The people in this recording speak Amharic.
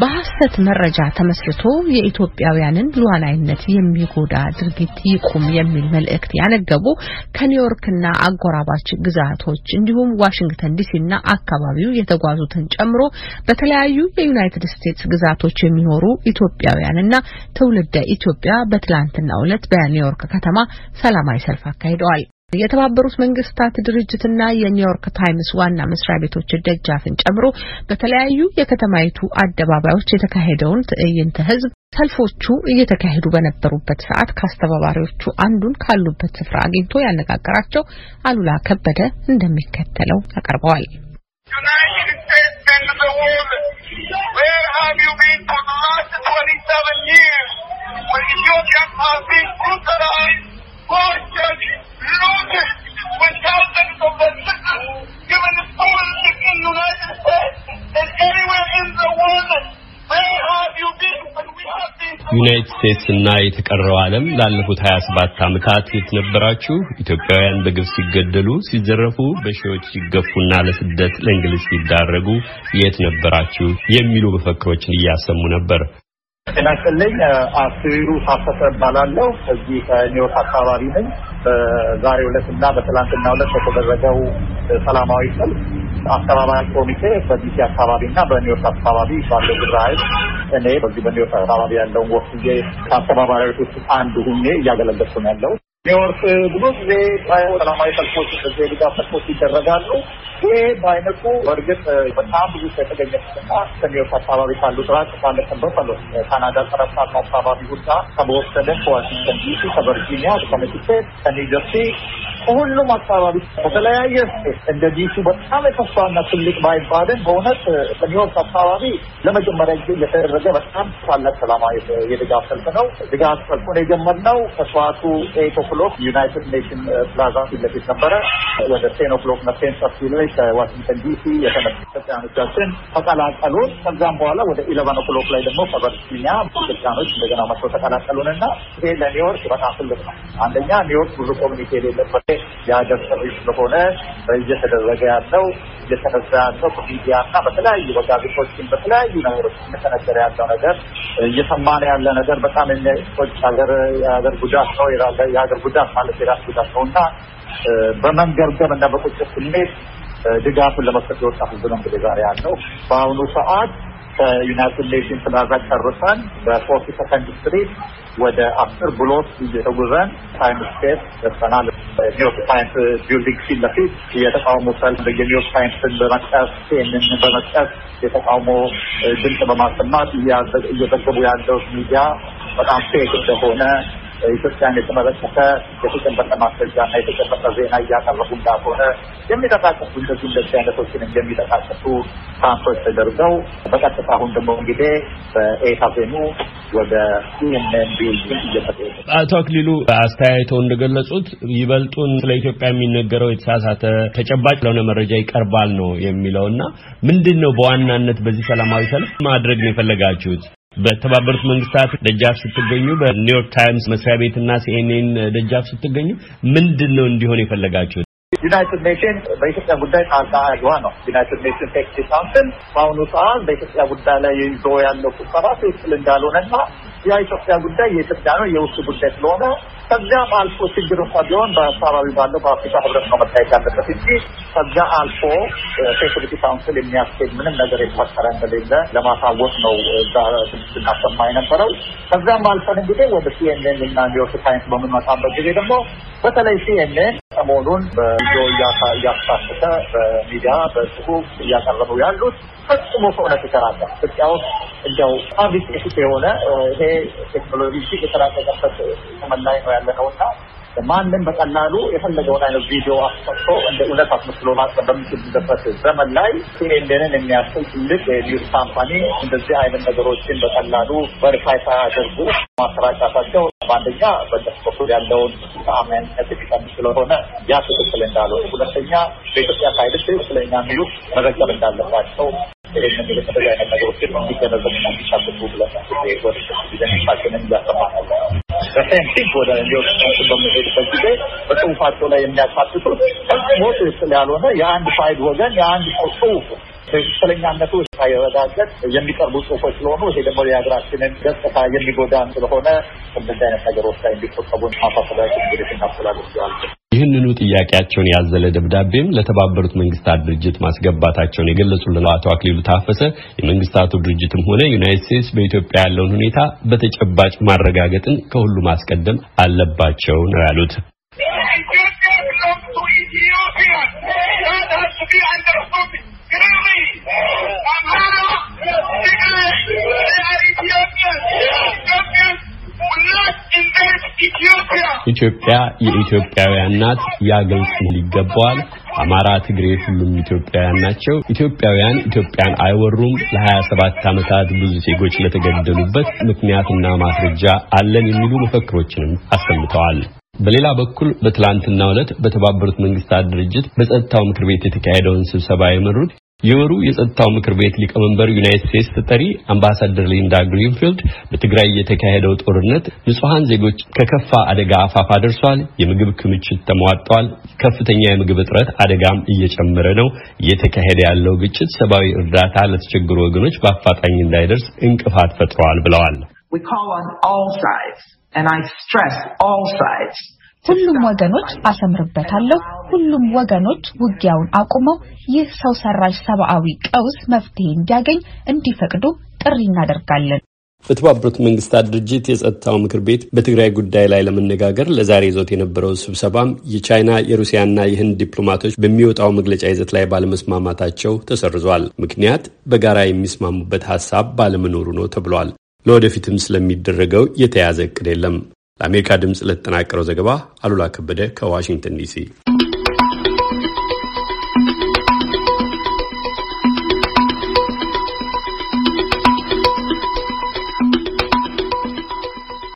በሐሰት መረጃ ተመስርቶ የኢትዮጵያውያንን ሉዓላዊነት የሚጎዳ ድርጊት ይቁም የሚል መልእክት ያነገቡ ከኒውዮርክና አጎራባች ግዛቶች እንዲሁም ዋሽንግተን ዲሲና አካባቢው የተጓዙትን ጨምሮ በተለያዩ የዩናይትድ ስቴትስ ግዛቶች የሚኖሩ ኢትዮጵያውያንና ትውልደ ኢትዮጵያ በትላንትናው ዕለት በኒውዮርክ ከተማ ሰላማዊ ሰልፍ አካሂደዋል። የተባበሩት መንግስታት ድርጅትና የኒውዮርክ ታይምስ ዋና መስሪያ ቤቶች ደጃፍን ጨምሮ በተለያዩ የከተማይቱ አደባባዮች የተካሄደውን ትዕይንተ ህዝብ ሰልፎቹ እየተካሄዱ በነበሩበት ሰዓት ከአስተባባሪዎቹ አንዱን ካሉበት ስፍራ አግኝቶ ያነጋገራቸው አሉላ ከበደ እንደሚከተለው ያቀርበዋል። ዩናይትድ እና የተቀረው ዓለም ላለፉት 27 ዓመታት የት ነበራችሁ? ኢትዮጵያውያን በግብ ሲገደሉ፣ ሲዘረፉ፣ በሺዎች ሲገፉና ለስደት ለእንግሊዝ ሲዳረጉ የት ነበራችሁ? የሚሉ መፈክሮችን እያሰሙ ነበር። ጤና ይስጥልኝ። አክቲቪሩ ታፈሰ እባላለሁ። እዚህ ከኒውዮርክ አካባቢ ነኝ። በዛሬው ዕለት እና በትላንትናው ዕለት በተደረገው ሰላማዊ ሰልፍ አስተባባሪ ኮሚቴ በዲሲ አካባቢ እና በኒውዮርክ አካባቢ ባለው ግብረ ኃይል እኔ በዚህ በኒውዮርክ አካባቢ ያለውን ወክዬ ከአስተባባሪዎች ውስጥ አንዱ ሁኜ እያገለገልኩ ነው ያለው። ኒውዮርክ ብዙ ጊዜ ሰላማዊ ሰልፎች፣ ድጋፍ ሰልፎች ይደረጋሉ። ይሄ በአይነቱ በእርግጥ በጣም ብዙ ሰው የተገኘበትና ከኒውዮርክ አካባቢ ካሉ ጥራት ባለፈበት አለ ካናዳ ጠረፍ ካሉ አካባቢ ሁላ ከቦስተን፣ ከዋሽንግተን ዲሲ፣ ከቨርጂኒያ፣ ከኮኔቲኬት፣ ከኒውጀርሲ ከሁሉም አካባቢ በተለያየ እንደ ዲሲ በጣም የተስፋና ትልቅ ባይባልን በእውነት ከኒውዮርክ አካባቢ ለመጀመሪያ ጊዜ እየተደረገ በጣም ታላቅ ሰላማዊ የድጋፍ ሰልፍ ነው። ድጋፍ ሰልፉን የጀመርነው ከሰዓቱ ኤይት ኦክሎክ ዩናይትድ ኔሽን ፕላዛ ፊት ለፊት ነበረ። ወደ ቴን ኦክሎክ ቴን ሰፊ ላይ በተለይ ከዋሽንግተን ዲሲ የተመጡ ኢትዮጵያኖቻችን ተቀላቀሉ። ከዛም በኋላ ወደ ኢለቨን ኦክሎክ ላይ ደግሞ ከቨርጂኒያ ኢትዮጵያኖች እንደገና መቶ ተቀላቀሉን እና ይሄ ለኒውዮርክ በጣም ትልቅ ነው። አንደኛ ኒውዮርክ ብዙ ኮሚኒቲ የሌለበት የሀገር ሰሪ ስለሆነ እየተደረገ ያለው እየተነዛ ያለው በሚዲያ እና በተለያዩ በጋዜጦችን በተለያዩ ነገሮች እየተነገረ ያለው ነገር እየሰማን ያለ ነገር በጣም የሚቆጭ ሀገር የሀገር ጉዳት ነው። የሀገር ጉዳት ማለት የራስ ጉዳት ነው እና በመንገርገም እና በቁጭት ስሜት ድጋፉን ለመስጠት የወጣ ህዝብ ነው እንግዲህ ዛሬ ያለው። በአሁኑ ሰዓት ከዩናይትድ ኔሽን ፕላዛ ጨርሰን በፎርቲ ሰከንድ ስትሪት ወደ አስር ብሎት እየተጉዘን ታይም ስቴት ደርሰናል። ኒውዮርክ ታይምስ ቢልዲንግ ፊት ለፊት የተቃውሞ ሰልፍ የኒውዮርክ ታይምስን በመጥቀስ ሴንን በመጥቀስ የተቃውሞ ድምፅ በማሰማት እየዘገቡ ያለው ሚዲያ በጣም ፌክ እንደሆነ ኢትዮጵያን የተመለከተ የተጨበጠ ማስረጃ ማስረጃና የተጨበጠ ዜና እያቀረቡ እንዳልሆነ የሚጠቃቀፉ እንደዚህ እንደዚህ አይነቶችን የሚጠቃቀፉ ካምፖች ተደርገው በቀጥታ አሁን ደግሞ እንግዲህ በኤካፌኑ ወደ ሲኤንኤን ቤልጅን እየተሄደ አቶ አክሊሉ አስተያየተው እንደገለጹት ይበልጡን ስለ ኢትዮጵያ የሚነገረው የተሳሳተ ተጨባጭ ለሆነ መረጃ ይቀርባል ነው የሚለው እና ምንድን ነው በዋናነት በዚህ ሰላማዊ ሰልፍ ማድረግ ነው የፈለጋችሁት? በተባበሩት መንግስታት ደጃፍ ስትገኙ፣ በኒውዮርክ ታይምስ መስሪያ ቤትና ሲኤንኤን ደጃፍ ስትገኙ ምንድን ነው እንዲሆን የፈለጋችሁት? ዩናይትድ ኔሽን በኢትዮጵያ ጉዳይ ጣልቃ ገባ ነው። ዩናይትድ ኔሽን ሴኩሪቲ ካውንስል በአሁኑ ሰዓት በኢትዮጵያ ጉዳይ ላይ ይዞ ያለው ቁጠባ ትክክል እንዳልሆነና የኢትዮጵያ ጉዳይ የኢትዮጵያ ነው፣ የውስጥ ጉዳይ ስለሆነ ከዚያም አልፎ ችግር እንኳ ቢሆን በአካባቢ ባለው በአፍሪካ ህብረት ነው መታየት ያለበት እንጂ ከዚያ አልፎ ሴኩሪቲ ካውንስል የሚያስገኝ ምንም ነገር የተፈጠረ እንደሌለ ለማሳወቅ ነው እዛ ስናሰማ የነበረው። ከዚያም አልፈን እንግዲህ ወደ ሲኤንኤን እና ኒውዮርክ ታይምስ በምንመጣበት ጊዜ ደግሞ በተለይ ሲኤንኤን ሰሞኑን በቪዲዮ እያሳሰተ በሚዲያ በጽሁፍ እያቀረቡ ያሉት ፈጽሞ ከእውነት የተራቀ ኢትዮጵያ ውስጥ እንዲያው ፋብሪኬት የሆነ ይሄ ቴክኖሎጂ እጅግ የተራቀቀበት ዘመን ላይ ነው ያለ ነው እና ማንም በቀላሉ የፈለገውን አይነት ቪዲዮ አስፈቶ እንደ እውነት አስመስሎ ማቅረብ በሚችልበት ዘመን ላይ ሲኤንኤንን የሚያስል ትልቅ ኒውስ ካምፓኒ እንደዚህ አይነት ነገሮችን በቀላሉ በሪፋይ ሳያደርጉ ማሰራጫታቸው በአንደኛ በነሱ በኩል ያለውን ጣዕምን ያስቀም ስለሆነ ያ ትክክል እንዳልሆነ፣ ሁለተኛ በኢትዮጵያ ሳይድ ትክክለኛ ሚሉ መዘገብ እንዳለባቸው ይህንን የተለያዩ አይነት ነገሮችን እንዲገነዘቡና እንዲሳተፉ ብለን ወደ ጊዜችንን ነው። በሳይንቲክ ወደ ኒውዮርክ በምንሄድበት ጊዜ በጽሁፋቸው ላይ የሚያካትቱት ፈጽሞ ትክክል ያልሆነ የአንድ ሳይድ ወገን የአንድ ጽሁፍ ትክክለኛነቱ ሳይረጋገጥ የሚቀርቡ ጽሁፎች ስለሆኑ ይሄ ደግሞ የሀገራችንን ገጽታ የሚጎዳን ስለሆነ እንደዚህ አይነት ነገሮች ላይ እንዲቆጠቡን ማሳሰቢያችን እንግዲህ እናስተላልፍ ይህንኑ ጥያቄያቸውን ያዘለ ደብዳቤም ለተባበሩት መንግስታት ድርጅት ማስገባታቸውን የገለጹልን አቶ አክሊሉ ታፈሰ የመንግስታቱ ድርጅትም ሆነ ዩናይት ስቴትስ በኢትዮጵያ ያለውን ሁኔታ በተጨባጭ ማረጋገጥን ከሁሉ ማስቀደም አለባቸው ነው ያሉት። ኢትዮጵያ የኢትዮጵያውያን ናት። ያ ግልጽ ይገባዋል። አማራ፣ ትግሬ ሁሉም ኢትዮጵያውያን ናቸው። ኢትዮጵያውያን ኢትዮጵያን አይወሩም። ለ ሰባት ዓመታት ብዙ ዜጎች ለተገደሉበት ምክንያትና ማስረጃ አለን የሚሉ መፈክሮችንም አሰምተዋል። በሌላ በኩል በትላንትናው ዕለት በተባበሩት መንግስታት ድርጅት በጸጥታው ምክር ቤት የተካሄደውን ስብሰባ የመሩት የወሩ የጸጥታው ምክር ቤት ሊቀመንበር ዩናይትድ ስቴትስ ተጠሪ አምባሳደር ሊንዳ ግሪንፊልድ በትግራይ የተካሄደው ጦርነት ንጹሐን ዜጎች ከከፋ አደጋ አፋፍ አደርሷል፣ የምግብ ክምችት ተሟጧል፣ ከፍተኛ የምግብ እጥረት አደጋም እየጨመረ ነው፣ እየተካሄደ ያለው ግጭት ሰብአዊ እርዳታ ለተቸገሩ ወገኖች በአፋጣኝ እንዳይደርስ እንቅፋት ፈጥረዋል ብለዋል። We call on all sides, and I stress all sides. ሁሉም ወገኖች አሰምርበታለሁ። ሁሉም ወገኖች ውጊያውን አቁመው ይህ ሰው ሰራሽ ሰብአዊ ቀውስ መፍትሄ እንዲያገኝ እንዲፈቅዱ ጥሪ እናደርጋለን። በተባበሩት መንግስታት ድርጅት የጸጥታው ምክር ቤት በትግራይ ጉዳይ ላይ ለመነጋገር ለዛሬ ይዞት የነበረው ስብሰባም የቻይና የሩሲያና የህንድ ዲፕሎማቶች በሚወጣው መግለጫ ይዘት ላይ ባለመስማማታቸው ተሰርዟል። ምክንያት በጋራ የሚስማሙበት ሀሳብ ባለመኖሩ ነው ተብሏል። ለወደፊትም ስለሚደረገው የተያዘ እቅድ የለም። ለአሜሪካ ድምፅ ለተጠናቀረው ዘገባ አሉላ ከበደ ከዋሽንግተን ዲሲ